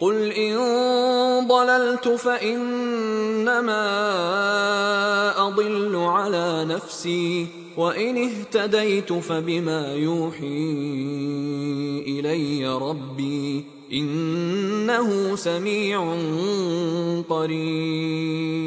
قل إن ضللت فإنما أضل على نفسي وإن اهتديت فبما يوحي إلي ربي إنه سميع قريب